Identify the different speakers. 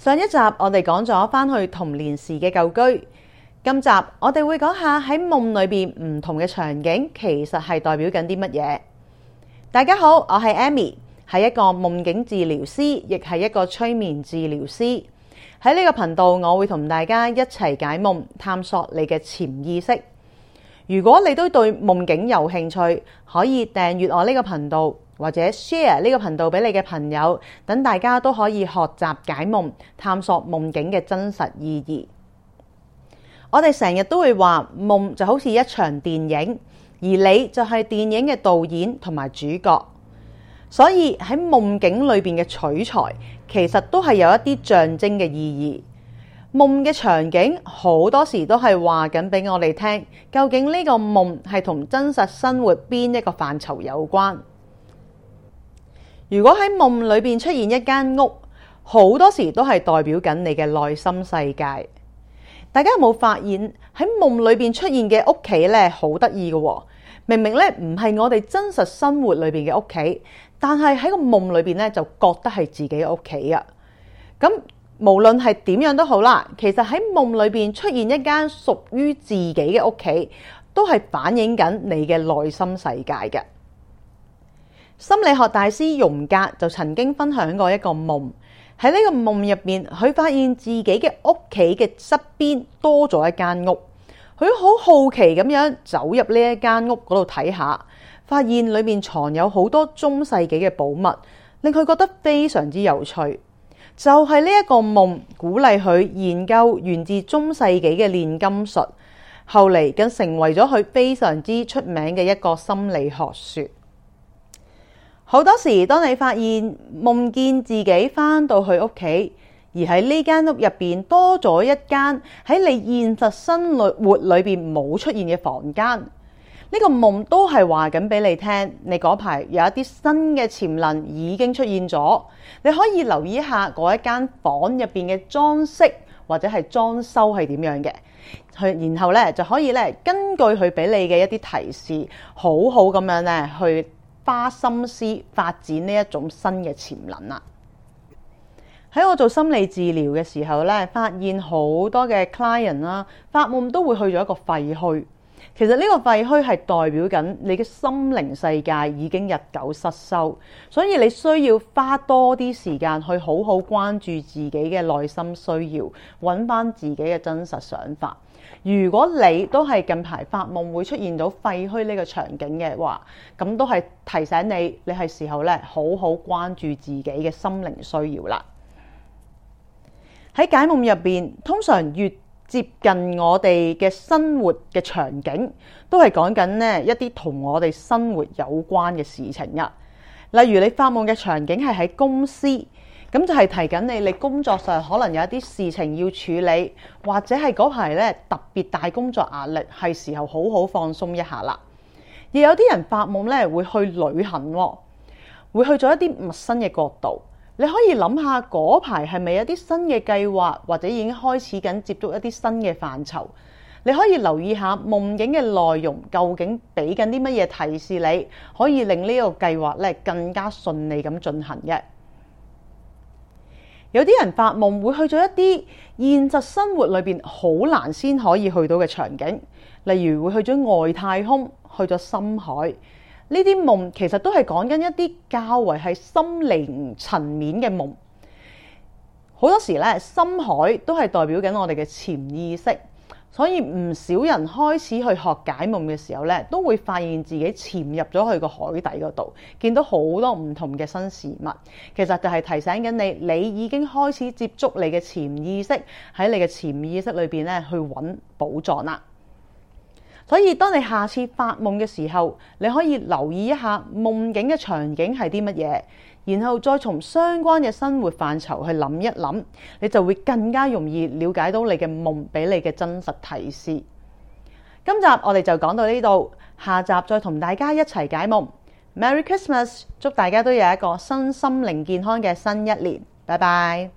Speaker 1: 上一集我哋講咗返去童年時嘅舊居，今集我哋會講下喺夢裏邊唔同嘅場景，其實係代表緊啲乜嘢？大家好，我係 Amy，係一個夢境治療師，亦係一個催眠治療師。喺呢個頻道，我會同大家一齊解夢，探索你嘅潛意識。如果你都對夢境有興趣，可以訂閱我呢個頻道。或者 share 呢個頻道俾你嘅朋友，等大家都可以學習解夢，探索夢境嘅真實意義。我哋成日都會話夢就好似一場電影，而你就係電影嘅導演同埋主角，所以喺夢境裏邊嘅取材其實都係有一啲象徵嘅意義。夢嘅場景好多時都係話緊俾我哋聽，究竟呢個夢係同真實生活邊一個範疇有關？如果喺夢裏邊出現一間屋，好多時都係代表緊你嘅內心世界。大家有冇發現，喺夢裏邊出現嘅屋企咧，好得意嘅？明明咧唔係我哋真實生活裏邊嘅屋企，但係喺個夢裏邊咧就覺得係自己屋企啊！咁無論係點樣都好啦，其實喺夢裏邊出現一間屬於自己嘅屋企，都係反映緊你嘅內心世界嘅。心理學大師榮格就曾經分享過一個夢，喺呢個夢入面，佢發現自己嘅屋企嘅側邊多咗一間屋，佢好好奇咁樣走入呢一間屋嗰度睇下，發現裏面藏有好多中世紀嘅寶物，令佢覺得非常之有趣。就係呢一個夢鼓勵佢研究源自中世紀嘅煉金術，後嚟更成為咗佢非常之出名嘅一個心理學說。好多時，當你發現夢見自己翻到去屋企，而喺呢間屋入邊多咗一間喺你現實生活裏邊冇出現嘅房間，呢個夢都係話緊俾你聽，你嗰排有一啲新嘅潛能已經出現咗。你可以留意一下嗰一間房入邊嘅裝飾或者係裝修係點樣嘅，去然後呢，就可以咧根據佢俾你嘅一啲提示，好好咁樣呢去。花心思發展呢一種新嘅潛能啦。喺我做心理治療嘅時候呢，發現好多嘅 client 啦，發夢都會去咗一個廢墟。其實呢個廢墟係代表緊你嘅心靈世界已經日久失修，所以你需要花多啲時間去好好關注自己嘅內心需要，揾翻自己嘅真實想法。如果你都係近排發夢會出現到廢墟呢個場景嘅話，咁都係提醒你，你係時候咧好好關注自己嘅心靈需要啦。喺解夢入邊，通常越接近我哋嘅生活嘅場景，都係講緊呢一啲同我哋生活有關嘅事情啊。例如你發夢嘅場景係喺公司。咁就係提緊你，你工作上可能有一啲事情要處理，或者係嗰排呢特別大工作壓力，係時候好好放鬆一下啦。而有啲人發夢呢會去旅行，會去咗一啲陌生嘅國度。你可以諗下嗰排係咪一啲新嘅計劃，或者已經開始緊接觸一啲新嘅範疇。你可以留意下夢境嘅內容，究竟俾緊啲乜嘢提示你，你可以令呢個計劃呢更加順利咁進行嘅。有啲人發夢會去咗一啲現實生活裏邊好難先可以去到嘅場景，例如會去咗外太空、去咗深海。呢啲夢其實都係講緊一啲較為係心靈層面嘅夢。好多時咧，深海都係代表緊我哋嘅潛意識。所以唔少人開始去學解夢嘅時候咧，都會發現自己潛入咗去個海底嗰度，見到好多唔同嘅新事物。其實就係提醒緊你，你已經開始接觸你嘅潛意識，喺你嘅潛意識裏邊咧去揾寶藏啦。所以當你下次發夢嘅時候，你可以留意一下夢境嘅場景係啲乜嘢。然後再從相關嘅生活範疇去諗一諗，你就會更加容易了解到你嘅夢俾你嘅真實提示。今集我哋就講到呢度，下集再同大家一齊解夢。Merry Christmas，祝大家都有一個身心靈健康嘅新一年。拜拜。